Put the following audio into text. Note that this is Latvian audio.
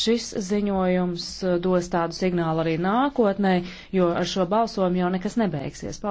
šis ziņojums eh, dos tādu signālu arī nākotnē, jo ar šo balsojumu jau nekas nebeigsies. Paldies!